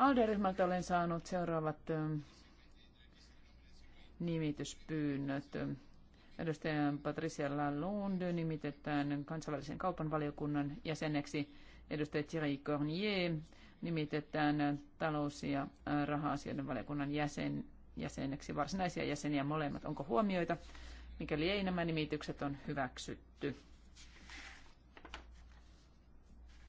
Alderyhmältä olen saanut seuraavat nimityspyynnöt. Edustaja Patricia Lalonde nimitetään kansainvälisen kaupan valiokunnan jäseneksi. Edustaja Thierry Cornier nimitetään talous- ja raha-asioiden valiokunnan jäsen, jäseneksi. Varsinaisia jäseniä molemmat. Onko huomioita? Mikäli ei, nämä nimitykset on hyväksytty.